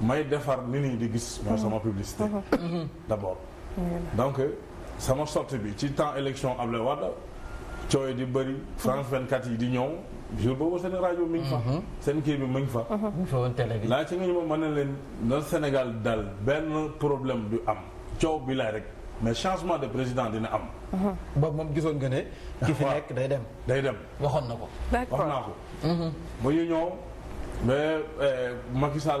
may defar ni ni di gis mooy sama publicité mhm. Mhm. d'abord donc sama sortie bi ci temps élection à Wade cooy di bëri France 24 mhm. yi di ñëw jour boobu seen radio mi ngi fa seen kii bi mi ngi fa laa ci nga ñu ma mën leen Sénégal dal benn problème du am coow bi la rek mais changement de président dina am. ba mom gisoon nga ne. ki fi nekk day dem. day dem waxon nako ko. d'accord wax naa ñu mais eh, Macky Sall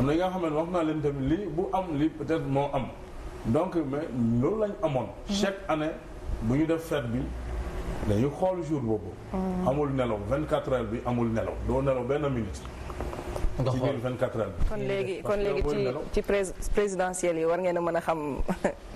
am na nga xam ne wax naa leen tamit li bu am li peut moo am donc mais loolu lañ amoon. chaque année bu ñu def fête bi dañuy xool jour boobu. Mm. amul nelaw 24 heures bi amul nelaw doo nelaw benn minute. nga xool ci biir 24 heures bi. kon léegi kon léegi ci ci présidentielle yi war ngeen a mën a xam.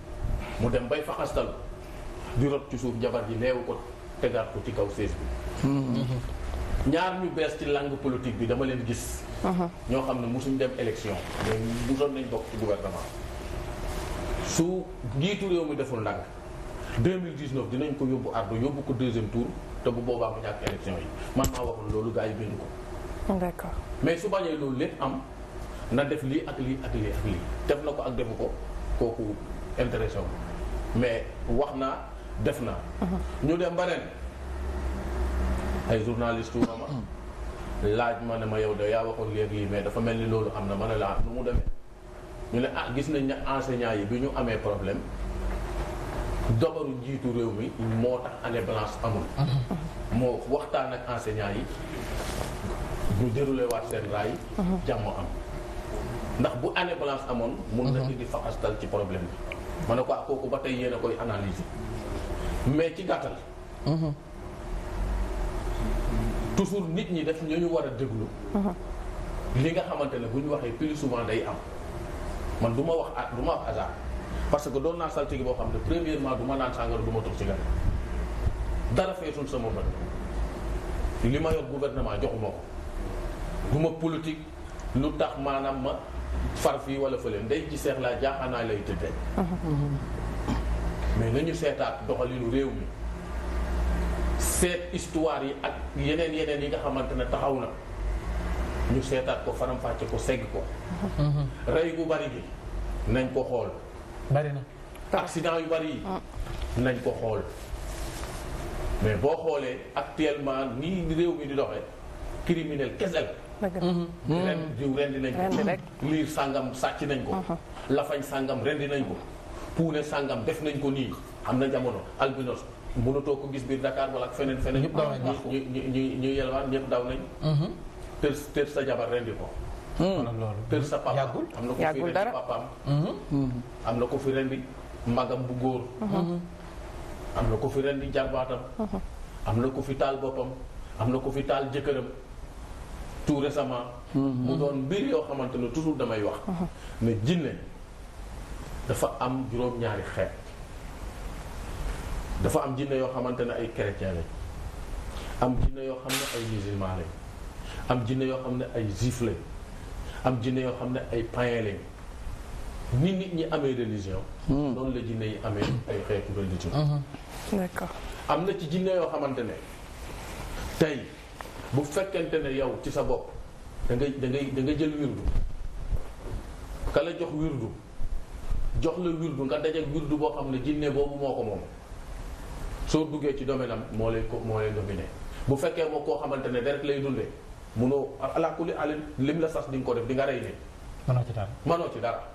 mu dem bay faxastal di rot ci suuf jabar ji leewu ko tegaat ko ci kaw sées bi ñaar ñu bees ci langue politique bi dama leen gis ñoo xam ne musuñ dem élection mais musoon nañ bokk ci gouvernement su njiitu réew mi deful ndànk 2019 dinañ ko yóbbu ardo yóbbu ko deuxième tour te bu boobaa mu ñàkk élection yi man maa waxul loolu gars yi bind ko d'accord mais su bañee loolu lépp am na def lii ak lii ak lii ak lii def na ko ak defu ko kooku intéressant mais wax naa def naa. Mhm. ñu dem ba ren ay journaliste yu ma laaj ma ne ma yow de yaa waxoon léegi lii mais dafa mel ni loolu am na ma laa nu mu demee ñu ne ah gis nañ ne enseignants yi bi ñu amee problème dogaru njiitu réew mi moo tax année blanche amul. Mhm. moo waxtaan ak enseignants yi ñu déroulé waat seen raay. Mhm. jàmm am ndax bu année balance amoon. mun na indi astal ci problème bi. ma ne ko ak ah kooku ba tey yéen a koy analise mais ci gàttal. Mhm. toujours nit ñi def ñu ñu war a déglu. Mhm. li nga xamante ne bu ñu waxee plus souvent day am man du ma wax ah du ma wax hasard parce que doon naa saltige boo xam ne premièrement du ma naan sàngara du ma ci cigare dara feesul sama bët li ma yor gouvernement joxuma ko du ma lu tax maanaam ma. far fii wala fële ndey ci seex laa jaaxaanaay lay tëddee. mais na ñu seetaat doxalinu réew mi seet histoire yi ak yeneen yeneen yi nga xamante ne taxaw na ñu seetaat ko faram ko segg ko. rey bu bari bi nañ ko xool. bari na accident yu bari yi. Ah. nañ ko xool mais boo xoolee actuellement nii réew mi di doxee criminel kese Mhm. ren jiw rendi nañ ko liir sàngam sàcc nañ ko mhm. lafañ sàngam rendi nañ ko puune sàngam def nañ ko nii am na jamono albinos mënatoo ko gis biir Dakar wala ak feneen feneen ñëpp daw ñu ñu ñu ñu yelwaan ñëpp daw nañ mhm. tër tër sa jabar rendi ko tër sa papa am na ko fi rendi am na ko fi rendi magam bu góor am na ko fi rendi jarbaatam am na ko fi taal boppam am na ko fi taal jëkkëram tout récemment. mu doon bir yo xamantene toujours damay wax. mais jinne dafa am juróom-ñaari xeet. dafa am jinne yo xamantene ay chrétien lay am jinne yo xamne ay musulman lay am jinne yo xamne ay juif lay am jinne yo xamne ay païen lay ni nit ñi amé religion. non la jinne yi amé ay xeetu religion. d'accord amna ci jinne yo xamantene tay bu fekkente ne yow ci sa bopp da ngay dangay ngay jël wirdu ka la jox wirdu jox la wirdu nga dajeeg wirdu boo xam ne jinne boobu moo ko moom soo duggee ci domaine am moo lay ko moo lay dominé bu fekkee moo koo xamante ne deret lay dundee munoo alaa kulli alin lim la sas di nga ko def di nga rey nit. mënoo ci dara.